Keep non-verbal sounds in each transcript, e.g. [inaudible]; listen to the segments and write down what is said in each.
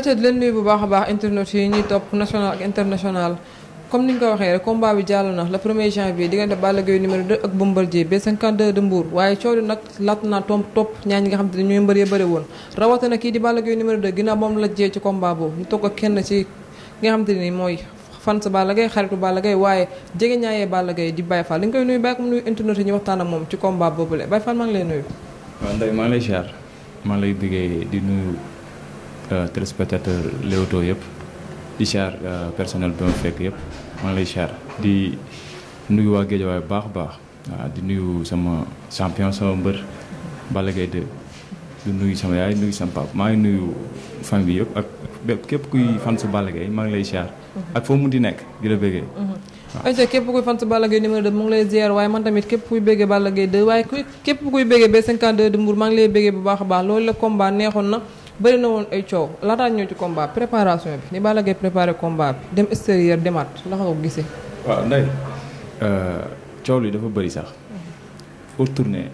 été di leen nuyu bu baax a baax internet yi ñuy topp national ak international comme ni ñu ko waxee rek combat bi jàll na le premier janvier diggante Balla Gaye numéro 2 ak Bombardier B52 de Mbour waaye coow li nag laat naa tomb topp ñaar ñi xam ne ñooy mbëree bëri woon rawatina kii di Balla Gaye numéro 2 ginnaaw moom la jee ci combat boobu ñu toog kenn ci nga xam te ni mooy fan sa Balla Gaye xaritu Balla Gaye waaye jege ñaayee Balla Gaye di Baye Fall li ñu koy ko mu nuyu internet yi ñu waxtaan ak moom ci combat boobule Baye Fall maa ngi lay nuyu. waaw Ndeye maa ngi Euh, téléspectateur Leewtoo yëpp di char euh, personnel bi ma fekk yëpp man lay char di nuyu waa Géejawaay baax baax waaw di nuyu sama champion sama mbër Balla Gaye di nuyu sama yaay nuyu sama papa maa ngi nuyu famille yëpp ak képp kuy fan su Balla Gaye maa ngi lay char mhm. ak foo mun di nekk di la bëggee mhm. waaw ayca képp kuy fan si Balla Gaye numéro mu ngi lay ziar waaye man tamit képp kuy béggee Balla Gaye 2 waaye képp kuy béggee B52 de Mbour maa ngi lay béggee a bëri na woon ay coow laataa ñëw ci combat préparation bi ni Balla Gaye préparé combat bi dem extérieur demaat ndax nga ko gisee. waaw nday euh, coow li dafa bëri sax. foo tourné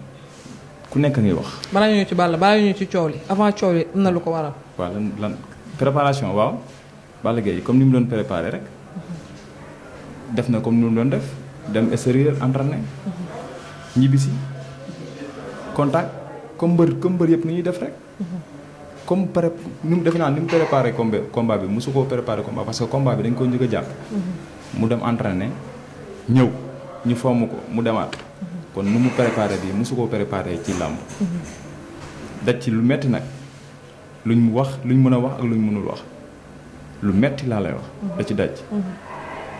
ku nekk ngay wax. balaa ñëw ci Balla balaa ñëw ci coow li avant coow li am na lu ko waral. waaw lan lan préparation waaw Balla Gaye comme ni mu doon préparé rek def na comme ni mu doon def dem extérieur entraîné ñibbisi contact comme mbër comme mbër yëpp ni ñuy def rek. comme pré ni mu defe naa ni mu préparé combat combat bi mosu koo préparé combat parce que combat bi dañ ko njëkk a jàpp. Mhm. mu dem entraîné ñëw ñu fomm ko mu demaat. Mhm. kon nu mu préparé bi mosu koo préparé ci làmb. Mhm. daj ci lu metti nag lu ñu wax luñ mën a wax ak luñ mënul wax lu metti laa lay wax. da ci daj.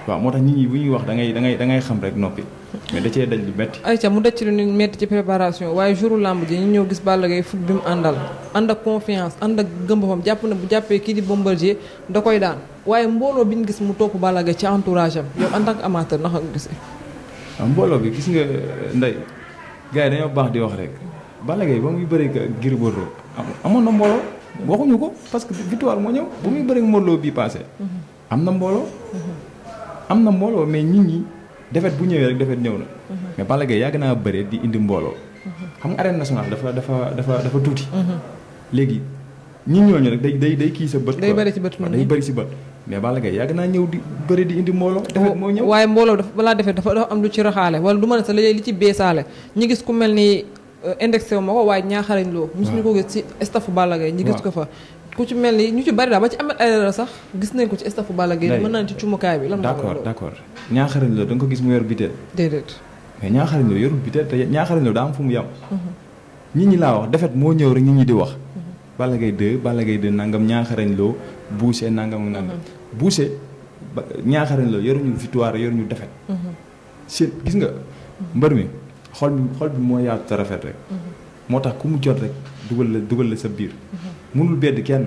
waaw moo tax nit ñi bu ñuy wax dangay ngay da ngay da ngay xam rek noppi. mais da cee daj lu métti. ayca mu daj ci lu ñu métti ci préparation waaye jouru làmb ji ñu ñëw gis Balla Gaye foot bi mu àndal ànd ak confiance ànd ak gëm jàpp na bu jàppee kii di Bombardier da koy daan waaye mbooloo bi ñu gis mu topp Balla Gaye ci entourage am yow ak tant que amateur naka gisee. Ah, mbooloo bi gis nga nday gars yi dañoo baax di wax rek Balla Gaye ba muy bëri Gris Bordeaux amoon na mbooloo waxuñu ko parce que victoire moo ñëw ba muy bëri mbooloo bii paase. Mhm. am na mbooloo. Mhm. na mbooloo mais nit ñi. defet bu ñëwee rek defet ñëw na. Mhm. mais Balla Gaye yàgg naa bëre di indi mbooloo. Mhm. xam nga arène nationale dafa dafa dafa dafa tuuti. Mhm. léegi ñi ñooñu rek day day day kii sa bët. day bëri si bët day bëri si bët. mais Balla Gaye yàgg naa ñëw di bëri di indi mbooloo. defet moo ñëw waaye mbooloo dafa balaa defet dafa dafa am lu ci raxaale wala du ma a sax li ci beesaale ñi gis ku mel ni euh, indexé wu ma ko waaye ñaaxarañ loo. waaw mosuñu ko gis ci staff Balla Gaye gis ko fa ku ci mel ni ñu ci bari daal ba ci amat ay sax gis nañ ko ci staffu Balla Gaye mën naa ci cumukaay bi lan d'accord d'accord ñaaxarañ la da ko gis mu yor biteel déedéet mais ñaaxarañ la yorul biteel te ñaaxarañ la daa am fu mu yem mhm. nit ñi laa wax defet moo ñëw rek nit ñi di wax mhm. Balla Gaye 2 Balla Gaye 2 nangam ñaaxarañ loo buuse nangam nangam mhm. buuse ñaaxarañ la yoruñu victoire yoruñu defet si gis nga mbër mi xol xol bi moo yaatu te rafet rek moo tax ku mu jot rek dugal la dugal la sa biir. mënul bedd kenn.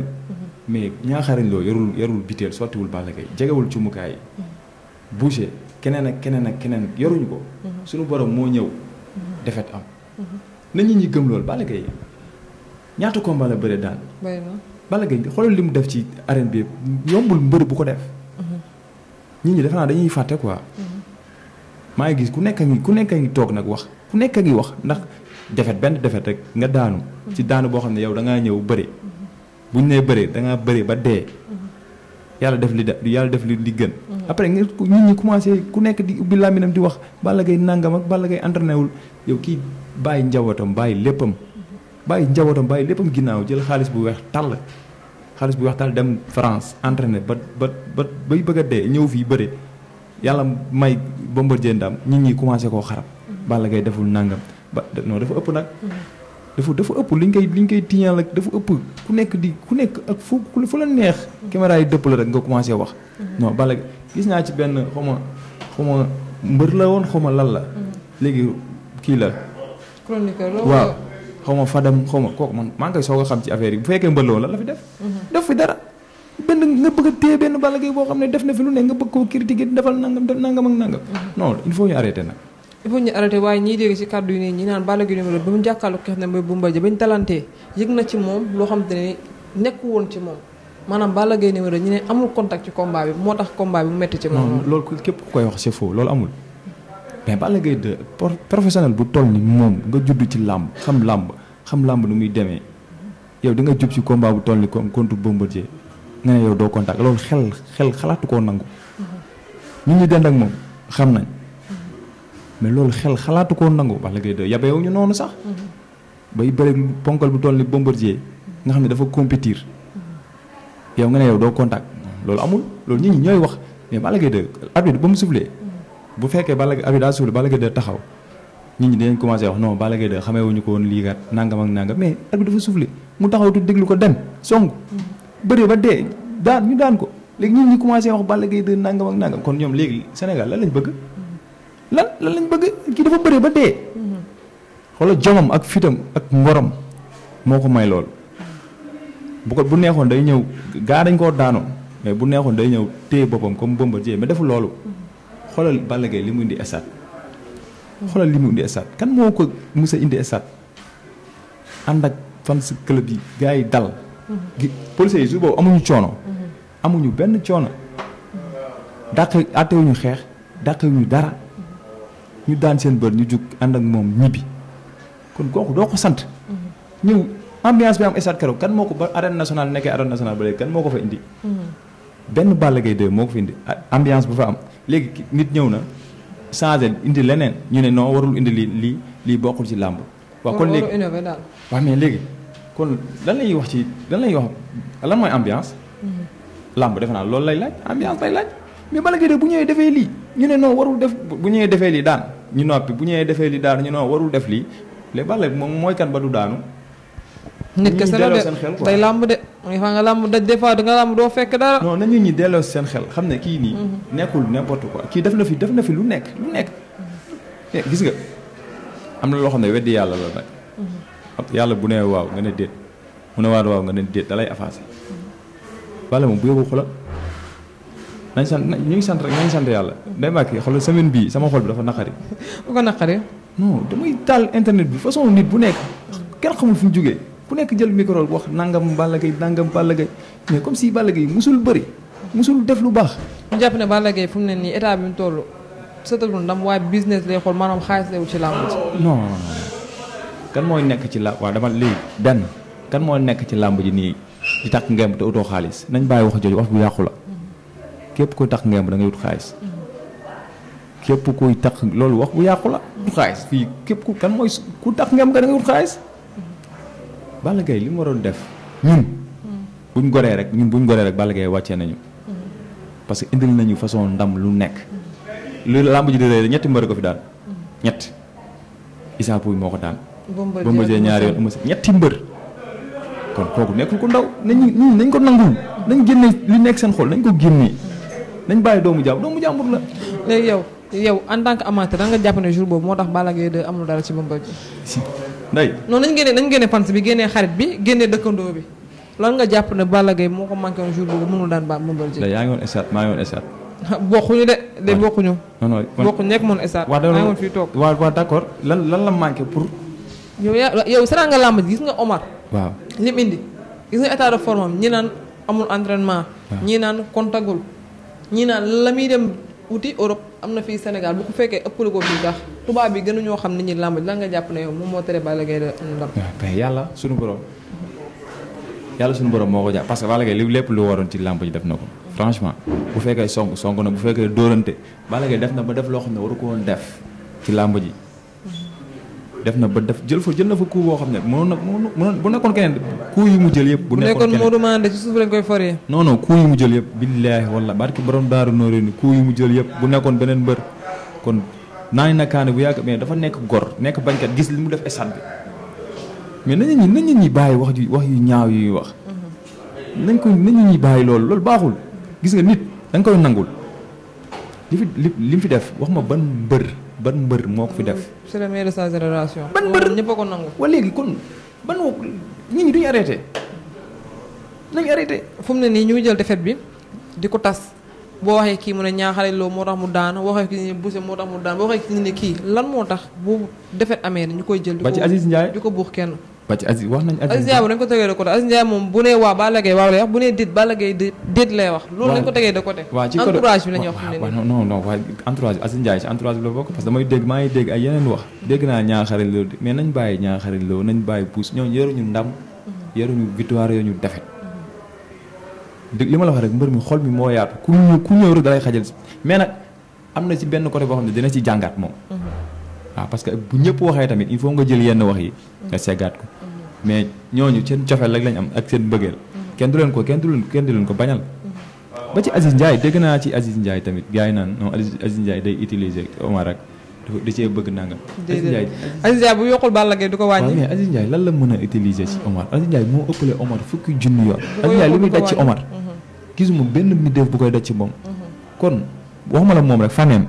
mais ñaaxarañ loo yorul yorul biteel sottiwul Balla Gaye jegewul cumukaay yi. keneen ak keneen ak keneen yaruñu ko. suñu borom moo ñëw. defet am. na nit ñi gëm loolu Balla Gaye ñaata combat la bëre daan. Balla Gaye xoolal li mu def ci arène bi yombul mbër bu ko def. nit ñi defe naa dañuy fàtte quoi. Mhm. maa ngi gis ku nekk a ku nekk a ngi toog nag wax ku nekk a ngi wax ndax defet benn defet rek nga daanu ci daanu boo xam ne yow da ngaa ñëw bëri buñ nee bëri da ngaa bëri ba dee yàlla def li da yàlla def li li gën après nit ñi commencé ku nekk di ubbi làmminam di wax Balla Gaye nàngam ak Balla Gaye wul yow kii bàyyi njabootam bàyyi léppam bàyyi njabootam bàyyi léppam ginnaaw jël xaalis bu weex tàll xaalis bu weex tàll dem France entraîné ba ba bëgg a dee ñëw fii bëri yàlla may Bombardier ndam nit ñi commencé koo xarab Balla Gaye deful nàngam ba non dafa ëpp nag. dafa dafa ëpp liñ koy liñ koy tiñal ak dafa ëpp ku nekk di ku nekk ak fu fu la neex. caméra yi dëpp la rek nga commencé wax. Mhm. non Balla gis naa ci benn xaw ma xaw ma mbër la woon xaw ma la. Mhm. léegi kii la. chroniqueur la waaw. xaw ma Fadam xaw ma kooku man maa ngi koy soog a xam ci affaire yi bu fekkee mbër la woon lan la fi def. Mhm. def fi dara. benn nga bëgg a benn Balla Gaye boo xam ne def na fi lu ne nga bëgg koo critiquer defal nangam def nangam ak nangam. non il faut waaye ñiy dégg ci kàddu yi ne ñi naan Balla Gaye numéro bi mu jàkkaarloo ki xam ne mooy Bombardier na ci moom loo xam ne nekku woon ci moom maanaam Balla Gaye numéro ñu ne amul contact ci moo tax combat bi metti ci moom loolu képp ku koy wax c'est faux loolu amul mais Balla Gaye 2 professionnel bu toll ni moom nga juddu ci làmb xam làmb xam làmb nu muy demee yow di nga jub ci combat bu toll ni comme contre Bombardier nga ne yow doo contact loolu xel xel xalaatu koo nangu. Mm-hmm. ñun ñu dend ak moom xam nañ. mais loolu xel xalaatu koo nangu Balla Gaye 2 yabeewu ñu noonu sax. bay bëri ponkal bu toll ni Bombardier nga xam ne dafa compétir. yow nga yow doo contact loolu amul loolu nit ñi ñooy wax mais Balla Gaye 2 arbitre ba mu soufflé. bu fekkee Balla Gaye arbitre daa soufflé Balla Gaye 2 taxaw nit ñi dinañ commencé wax non Balla Gaye 2 xameewuñu ko woon lii kat nangam ak nangam mais arbitre dafa soufflé mu taxaw tu déglu ko dem song. bëree ba dee daan ñu daan ko léegi nit ñi commencé wax Balla Gaye 2 nangam ak nangam kon ñoom léegi Sénégal lan lañ bëgg. lan lan lañ bëgg kii dafa bëre ba dee. xoolal jomam ak fitam ak ngorom moo ko may lool bu bu neexoon day ñëw gaa dañ koo daanoo mais bu neexoon day ñëw téye boppam comme Bombardier mais defu loolu. xoolal Balla Gaye li mu indi esat xoolal li mu indi esat kan moo ko mës a indi esat ànd ak fans club yi gars dal. gi policiers yi su boobu amuñu coono. amuñu benn coono. dàq àttewuñu xeex dàqewuñu dara. ñu daan seen bër ñu jug ànd ak moom ñibbi kon kooku doo ko sant. Mm-hmm. ñëw ambiance bi am stade keroog kan moo ko ba arène nationale nekkee arène nationale ba léegi kan moo ko fa indi. Mm-hmm. benn moo ko fi indi ambiance bu fa am léegi nit ñëw na changé indi leneen ñu ne non warul indi lii lii lii bokkul ci làmb. waaw kon léegi waaw mais léegi kon lan lay wax ci lan lay wax lan mooy ambiance. Mm-hmm. làmb defe naa loolu lay laaj ambiance lay laaj mais Balla Gaye bu ñëwee defee lii ñu ne non warul def bu ñëwee defee lii daan. ñu noppi bu ñëwee defee li daanu ñu noo warul def lii les Balla moom mooy kan ba du daanu. nit ke seen xel day làmb de mooy fa nga làmb daj des fois da nga làmb doo fekk dara. non na ñi delloo seen xel xam ne kii nii. Mhm. nekkul n'importe quoi kii def na fi def na fi lu nekk lu nekk. Eh, gis nga am na loo xam ne weddi yàlla la nag. Mhm. yàlla bu ne waaw nga ne déet mu ne waat waaw nga ne déet da lay avancé. Mhm. Balla moom bu yóbbu xoolal. nañ sant ñu ngi sant rek nañ sant yàlla day semaine bii sama xol bi dafa naqari. bu ko naqari. non damay taal internet bi façon nit bu nekk kenn fu ñu jógee ku nekk jël micro wax nangam Balla Gaye nangam Balla Gaye mais comme si Balla Gaye musul bëri musul def lu baax. jàpp ne Balla Gaye fu mu ne nii état bi mu toll sëtatul ndam waaye business lay xool maanaam xaalis lay wut ci làmb ji. kan mooy nekk ci la waaw dama léegi benn kan moo nekk ci làmb ji nii di takk ngem te utoo xaalis nañ bàyyi wax jooju wax bu yàqu la. képp kuy tax ngemb da ngay wut képp kuy tax loolu wax bu yàqu la du xaalis fii képp ku kan mooy ku tax ngemb nga da ngay xaalis Balla Gaye li mu waroon def ñun buñ goree rek ñun buñ goree rek Balla Gaye wàccee nañu parce que indil nañu façon ndam lu nekk lu làmb ji di rëy ñetti mbër ko fi ñett Issa moo ko daan Bombardier ñaari yoon ëma ñetti mbër kon kooku nekkul ko ndaw nañu nañ ko nangul nañ génne li nekk seen xol nañ ko génne nañ bàyyi doomu jàmbur doomu jàmbur la. léegi yow yow en tant que amateur da nga jàpp ne jour boobu moo tax Balla Gaye amul dara ci Bombardier. nday noonu nga jàpp ne moo ko manqué jour boobu mënul daan ba Bombardier. yaa ngi woon maa ngi woon bokkuñu de de bokkuñu. bokkuñu nekk moom stade. maa ngi fii toog waaw waaw d'accord lan lan la manqué pour. yow yaa yow nga làmb gis nga Omar. waaw lim indi gis nga état de forme ñi naan ñi naan la muy dem wuti Europe am na fii Sénégal bu ko fekkee ëppale ko fii tax tubaab bi gënuñoo xam nit ñi làmb lan nga jàpp na yow moom moo tere Balla Gaye am yàlla suñu borom yàlla sunu borom moo ko jàpp parce que Balla li lépp lu waroon ci làmb ji def na ko franchement bu fekkee song sonk na bu fekkee dóorante Balla Gaye def na ba def loo xam ne waru ko woon def ci làmb ji. def na ba def jël fa jël na fa coup boo xam ne mënoon na mënoon bu nekkoon keneen coup yu mu jël yëpp. bu nekkoon keneen bu nekkoon Modou Mandé suuf lañ koy foree. non non coup mu jël yëpp billaahi walla barki borom daaru nooree ni coup yu mu jël yëpp bu nekkoon beneen mbër kon naani na kaane bu yàgg mais dafa nekk gor nekk bañkat gis li mu def stade bi mais nañu ñi nañu ñi bàyyi wax yu wax yu ñaaw yuy wax mhm. nañ ko nañu ñi bàyyi loolu loolu baaxul gis nga nit da nga koy nangul li fi li def wax ma ban mbër. ban mbër moo ko fi def. c'est le meilleur de sa génération. ban mbër ñëpp a ko nangu. wa léegi kon ban woo nit ñi duñu arrêté nañu arrêté. fu ne nii ñu ngi jël défaite bi di ko tas boo waxee kii mu ne ñaaxale loo moo tax mu daan boo waxee kii ne Bousse moo tax mu daan boo waxee kii ne kii lan moo tax bu défaite amee ñu koy jël. ba ci Aziz di ko buux kenn. ba ci Aziz de côté Aziz Ndiaye moom bu nee waaw Balla Gaye waaw lay wax bu nee déet Balla Gaye déet lay wax loolu dañ ko tegee de côté waaw bi la wax non non waaye entourage bi ay yeneen wax dégg naa ñaaxari loolu mais nañ bàyyi ñaaxari loolu nañ bàyyi puus ñoom yaruñu ndam yaruñu victoire yaruñu defet li ma la wax rek mbër mi xol mi moo yaatu ku ñëw ku ñëw rek dalay xajal mais nag am na ci benn côté boo xam ne dina ci jàngat moom mm-hmm. waaw parce bu ñëpp waxee tamit il faut nga jël yenn wax yi nga seggaat ko mais ñooñu seen cofeel rek lañ am ak seen mbëggeel mhm. kenn du leen ko kenn du leen kenn ko bañal mhm. ba ci Aziz Ndiaye dégg naa ci Aziz Ndiaye tamit gaa yi naan non Aziz Ndiaye day utiliser Omar ak di cee bëgg nanga Aziz Ndiaye Aziz Ndiaye bu yokkul Balla Gaye du ko wàññi mais Aziz Ndiaye lan la mën a utiliser ci mhm. Omar Aziz Ndiaye moo ëppale Omar fukki junni yoon Aziz li muy daj ci Omar gisuma benn mi def bu koy daj ci moom kon waxuma la moom rek faneem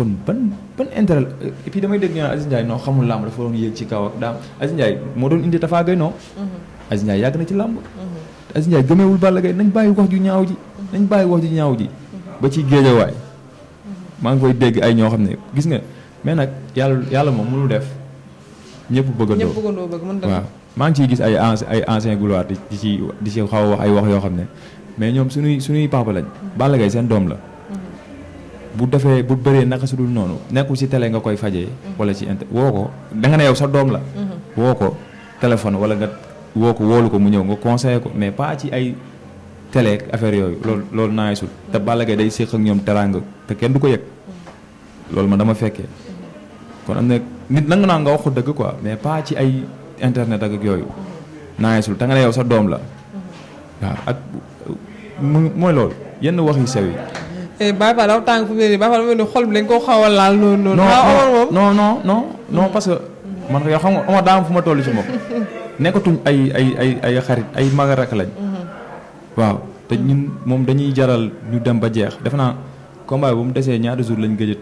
kon ban ban intérêt euh, et puis damay dégg ñu naan Aziz Ndiaye non xamul làmb dafa doon yéeg ci kaw ak daam Aziz moo doon indi Tapha Gueye non. Mm-hmm. Aziz na ci làmb. Mm-hmm. Aziz Ndiaye gëmewul Balla Gaye nañ ñaaw ji. Mm-hmm. nañ bàyyi wax ju ñaaw ji. ba ci géejawaay. maa ngi koy dégg ay ñoo xam ne gis nga mais nag yàlla yàlla moom mënul def ñëpp bëggandoo ñëpp bëggandoo bëgg mën waaw maa ngi ciy gis ay anci ay ancien gloire di ci xaw wax ay wax yoo xam ne mais ñoom suñuy suñuy papa lañ. Balla Gaye seen doom la bu defee bu bëree naka su dul noonu nekkul si télé nga koy fajee. wala ci inter woo ko da nga ne yow sa doom la. Mm-hmm. woo ko téléphone wala nga woo ko woolu ko mu ñëw nga conseillé ko mais paa ci ay télé affaire yooyu loolu loolu naa sul te mm-hmm. day séq ak ñoom teraanga te kenn du ko yëg mm-hmm. loolu dama fekkee kon am na naa nga wax ko mais pas ci ay internet ak yooyu naa sul te nga ne yow sa doom la waaw ak mooy loolu yenn wax yu sew yi Eh, Baye Fall dafa tàng fu mu ne nii Baye dafa ne xol bi dañ koo xaw a laal noonu noonu. non non non non parce que man xam nga Omar daa am ma toll ci moom [laughs] nekkatuñ ay ay ay ay xarit ay mag rak lañ. Mm-hmm. te moom dañuy jaral ñu dem ba jeex defe naa combat mu desee ñaari jour lañ gëj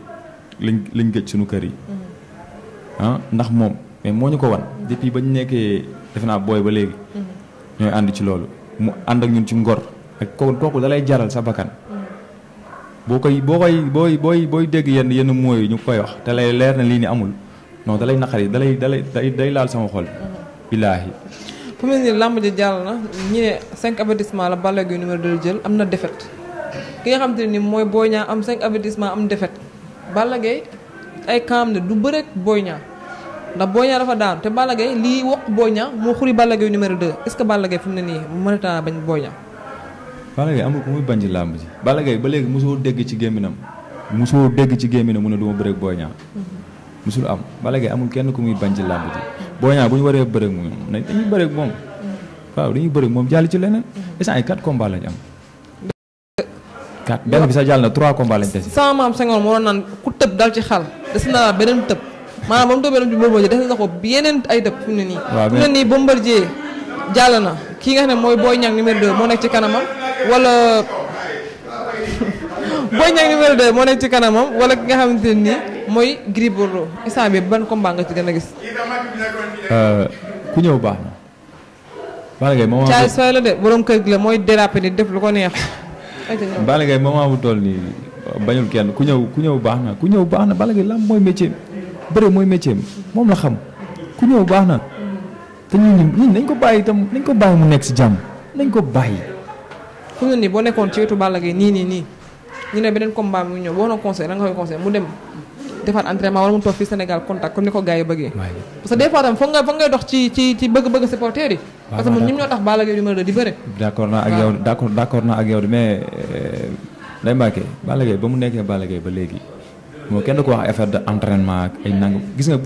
lañ lañ gëj suñu kër yi. Mm-hmm. Ah, ndax moom mais ko wan mm-hmm. depuis ba ñu nekkee defe booy ba léegi. ñooy ànd ci loolu mu ànd ak ñun ci ngor ak kooku da jaral sa bakkan. boo koy boo koy booy booy booy dégg yenn yenn mooy ñu koy wax te lay leer na lii ni amul non da lay naqari da lay da day laal sama xol. Mhm. billaahi. fu mu jàll na ñi ne 5 avertissement la Balla Gaye numéro 2 jël am na défaite ki nga xam te ne mooy Boy ñaa am 5 avertissement am défaite ballage Gaye ay kaam ne du bëreeg Boy Niang ndax Boy Niang dafa daanu te Balla Gaye lii wokk Boy Niang moo xuri Balla Gaye numéro 2 est ce que Balla Gaye fu mu ne nii mën Balla Gaye amul ku muy bañ ci làmb ji Balla Gaye ba léegi mosoo dégg ci gémminam mosoo dégg ci gémminam mu ne du ma bëreeg Boy mm-hmm. musul mosul am Balla amul kenn ku muy bañ ci làmb ji Boy Niang bu ñu waree bëreeg moom nañ dañuy bëreeg moom mm-hmm. waaw dañuy bëreeg moom jàll ci leneen instant mm-hmm. ay quatre combats lañ am benn bi sa jàll na trois combats lañ tesi sama maam Senghor moo doon naan ku tëb dal ci xal des na benn tëb maanaam ba mu tëbee doon ci Bombardier des na ko yeneen ay tëb fu mu na kii nga xam ne mooy booy Niang numéro 2 moo nekk ci kanamam wala [laughs] Boy Niang moo nekk ci kanamam wala ki nga xamante ne nii mooy Gris Bordeaux instant bi ban combat nga ci gën a gis. Euh, ku ñëw baax na. Balla Gaye moment mooy déraper ni def ko neex. [laughs] Balla Gaye moment bu toll nii bañul kenn ku ñëw ku ñëw baax na ku ñëw baax na Balla Gaye mooy métier bëre mooy métier moom la xam ku ñëw baax na. te ñun ñun nañ ko bàyyi itam nañ ko bàyyi mu nekk si jàmm nañ ko bàyyi. fu mu ne nii boo nekkoon ci wetu Balla Gaye nii nii nii ñu ne beneen combat mu ñëw boo doon conseil da nga koy conseil mu dem defaat entraînement wala mu toog fii Sénégal contact comme ni ko gars yi bëggee. parce que des fois tam foog nga foog ngay dox ci ci ci bëgg-bëgg supporter yi. parce que moom ñoom ñoo tax Balla Gaye numéro 2 di bëre. d' accord naa ak yow d' accord d' accord naa ak yow mais euh, Ndeye ba mu nekkee Balla Gaye ba léegi moo kenn ko wax affaire de entraînement ak ay nangam gis nga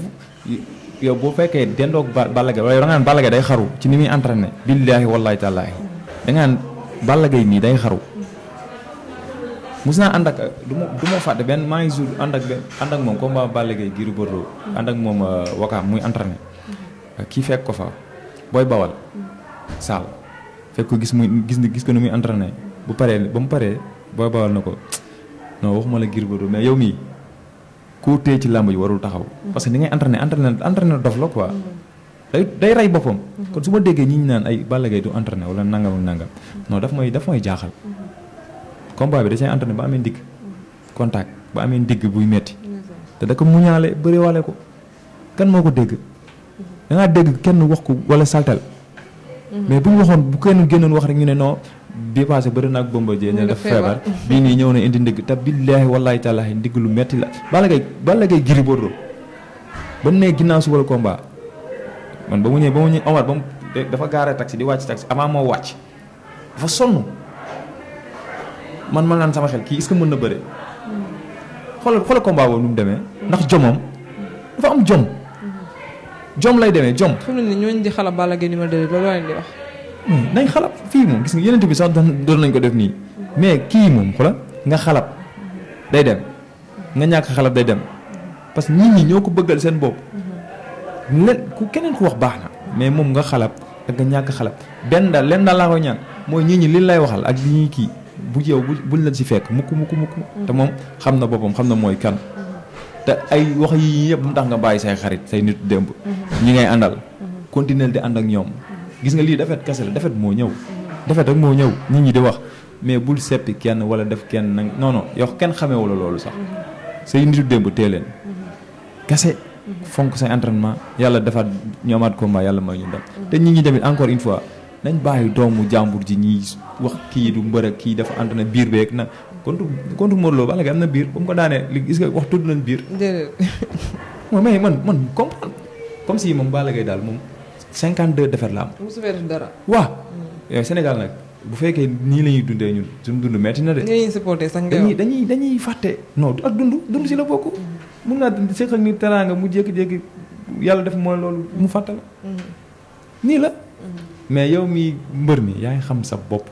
yow boo fekkee dendoog Balla Gaye wala yow da nga naan day xaru ci ni muy entraîné billaahi wallaahi tallaahi da nga naan Balla Gaye mii day xaru mus naa ànd ak du ma benn maa ngi jour ànd ak ànd ak moom combat Balla Gaye Gris Bordeaux ànd ak moom euh, wakaam muy entraîné euh, kii fekk ko fa booy bawal saal fekk ko gis mu gis gis ko ni muy entraîné bu paree ba mu paree booy bawal na ko non waxuma la Gris Bordeaux mais yow mii koo téye ci làmb ji warul taxaw. parce que ni ngay entraîné entraîné entraîné dof la quoi. day day rey boppam. kon su ma déggee ñi ñu naan ay Balla Gaye du entraîné wala nangam ak nangam. non daf may daf may jaaxal. combat bi da cee entraîné ba amee ndigg. contact ba amee ndigg buy metti te da ko muñaale bëriwaale ko kan moo ko dégg. da dégg kenn wax ko wala saltal Mhm. mais bu ñu waxoon bu kenn génnoon wax rek ñu ne non bi passé bëri na ak Bombardier ne dafa feebar bii nii ñëw na indi ndigg te billaahi wallaahi taalaahi ndigg lu metti la Balla Gaye Balla Gaye Gris Bordeaux ba nee ginnaaw suba la combat man ba mu ñëwee ba mu ñëwee Omar ba mu dafa gaaree taxi di wàcc taxi avant moo wàcc dafa sonn man man naan sama xel kii est-ce mën na bëre mhm. xoolal xoolal combat boobu mu demee ndax jomam dafa am jom jom lay demee jom. fi mu ne nii ñooñu di xalab Balla Gaye numéro 2 loolu leen hmm, nañ xalab fii moom gis nga yeneen bi sax doon nañ ko def nii mais kii moom xoolal nga xalab day dem nga ñàkk xalab day dem parce que nit ñi ñoo ko bëggal seen bopp. len ku keneen ku wax baax na mais moom nga xalab ak nga ñàkk xalab benn daal leen daal laa koy ñaan mooy nit ñi li lay waxal ak bi ñuy kii bu yow bu la ci fekk mukk mukk mukk hmm. te moom xam na boppam xam na mooy kan. te ay wax yii yëpp mu tax nga bàyyi say xarit say nit démb. ñi ngay àndal. continuer di ànd ak ñoom. gis nga lii defet kese la defet moo ñëw. defet rek moo ñëw nit ñi di wax mais bul seppi kenn wala def kenn nag non non kenn xamee wala loolu sax. say nitu démb tee leen. kese. fonk say entraînement yàlla defaat ñoomaat ko combat yàlla may ñu dem. te nit ñi tamit encore une fois nañ bàyyi doomu jàmbur ji ñiy wax kii du mbër ak kii dafa ànd na biir beeg nag kontu kontu Modou Lo Balla Gaye am na biir ba mu ko daanee li gis nga wax tudd nañ biir. déedéet. moom mais man man comprendre comme si moom Balla Gaye daal moom 52 défaites la am. mosu fee def dara. Mm. Sénégal nag bu fekkee nii la ñuy dundee ñun suñu dund metti na de. nga ñuy supporté sax dañuy dañuy dañuy fàtte. non ak dund dund si la bokk. Mm. mun naa dund seq ak ni teraanga mu jékki-jékki yàlla def mooy loolu mu fàtte la. Mm. nii la. mais yow mi mbër mi yaa ngi xam sa bopp.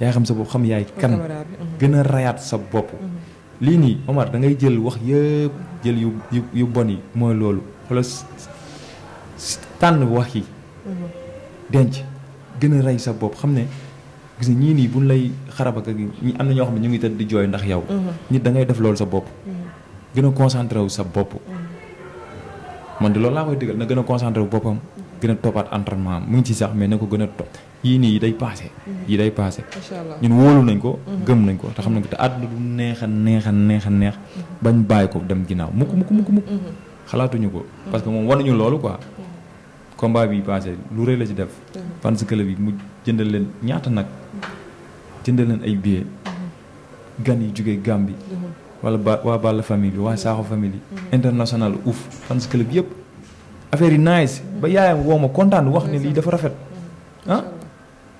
yaa xam sa bopp xam yaay kan uh-huh. gën a rayaat sa bopp uh-huh. lii nii Omar da ngay jël wax yëpp jël yu yu yu bon yi mooy loolu wala tànn wax yi uh-huh. denc gën a rey sa bopp xam ne gis ñii nii buñ lay xaraba ak ñi am na ñoo xam ne ñu ngi tëdd di jooy ndax yow nit da ngay def loolu sa bopp gën a concentré wu sa bopp man di loolu laa koy digal na gën a concentré wu boppam gën a toppaat entraînement mu ngi ci sax mais na ko gën a topp yii nii yi day passé. Mhm. yi day passé. ñun wóolu nañ ko. Mhm. gëm nañ ko te xam nañ ko te àdduna du neex a neex neex a neex. Mhm. bañ bàyyi ko dem ginnaaw mukk mukk mukk xalaatuñu ko. parce que moom wanuñu loolu ko combat bi passé lu rëy la si def. fans club bi mu jëndal leen ñaata nag. jëndal leen ay billets. gan yi jógee Gambie. wala ba waa Balla famille bi waa Sakho famille yi. international ouf fans club yëpp. affaire yi nice ba yaayam woo ma kontaan wax ne lii dafa rafet ah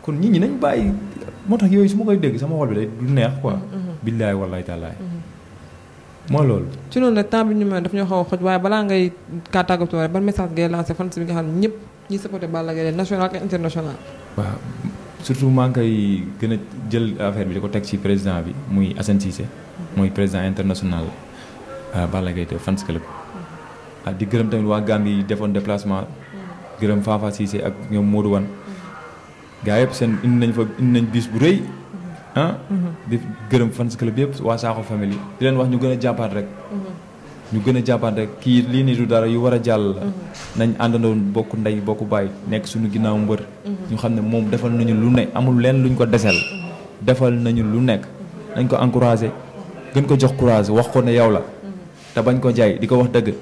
kon nit ñi nañ bàyyi moo tax yooyu su ma koy dégg sama xol bi day du neex quoi. Mm-hmm. Mm-hmm. billaay wallaay taalaay. Mm-hmm. moo loolu. ci noonu la temps bi ñu mën daf ñoo xaw a xoj waaye balaa ngay kaa tàggatoo rek ban message ngay lancé fan nga xam ne ñëpp ñi supporté Balla Gaye national ak international. waaw surtout maa ngi koy gën a jël affaire bi di ko teg ci président bi muy Assane mooy président international euh, Balla Gaye te fans club ah di gërëm tamit waa Gambie yi defoon déplacement. gërëm Fafa Cissé ak ñoom Modou Wan. gaa yëpp seen indi nañ fa indi nañ biis bu rëy. ah. di gërëm fans club yëpp waa Sakho famille di leen wax ñu gën a jàppaat rek. ñu gën a jàppaat rek kii lii nii du dara yu war a jàll la. nañ àndandoo bokk ndey bokk bàyyi nekk suñu ginnaaw mbër. ñu xam ne moom defal nañu lu ne amul leen luñ ko desel defal nañu lu nekk. nañ ko encouragé gën ko jox courage wax ko ne yow la. te bañ ko jaay di ko wax dëgg.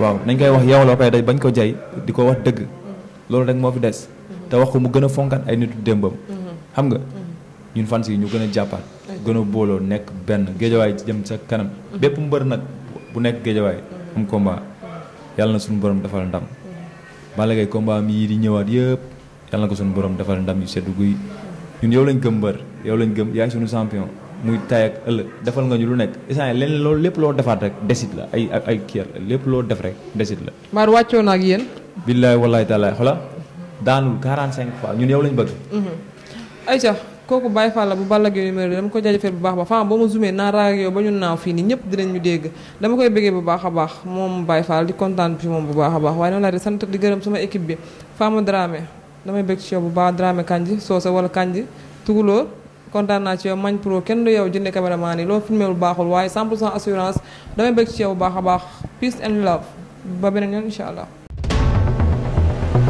waaw nañ koy wax yow la day bañ koo jay di ko wax dëgg mm-hmm. loolu rek moo fi des mm-hmm. te wax ko mu gën a fonkat ay nitu démbam mm-hmm. xam nga ñun fans yi ñu gën a jàppaat gën a booloo nekk benn géejawaay dem sa kanam bépp mbër nag bu nekk géejawaay am combat yàlla na suñu borom defal ndam Balla Gaye combat yii di ñëwaat yëpp yàlla na ko suñu borom defal ndam yu sedd guy ñun yow lañ gëm mbër yow lañ gëm yaay suñu champion muy tay ak ëllëg defal nga ñu lu nekk instant yii loolu lépp loo defaat rek desit la ay ay kër lépp loo def rek desit la. Mar wàccoo na ak yéen. billaay wallaay taalaay xola daanul 45 fois ñun yow lañ bëgg. Mm-hmm. Aïcha kooku Baye Fall la bu Balla Gaye numéro dama ko jaajëfee bu baax ba fam ba ma zoomee naara ak yow ba ñu naaw fii nii ñëpp dinañ ñu dégg dama koy bëggee bu baax a baax moom baay faal di kontaan ci moom bu baax a baax waaye noonu laa sant di gërëm sama équipe bi Fama Dramé damay bëgg ci yow bu baax Dramé Kanji Socé wala Kanji Tugulóor kontaan naa ci yow Magne Pro kenn du yow jënde cameraman yi loo filmé baaxul waaye 100% assurance damay bëgg ci yow bu baax a baax peace and love ba beneen yoon incha allah.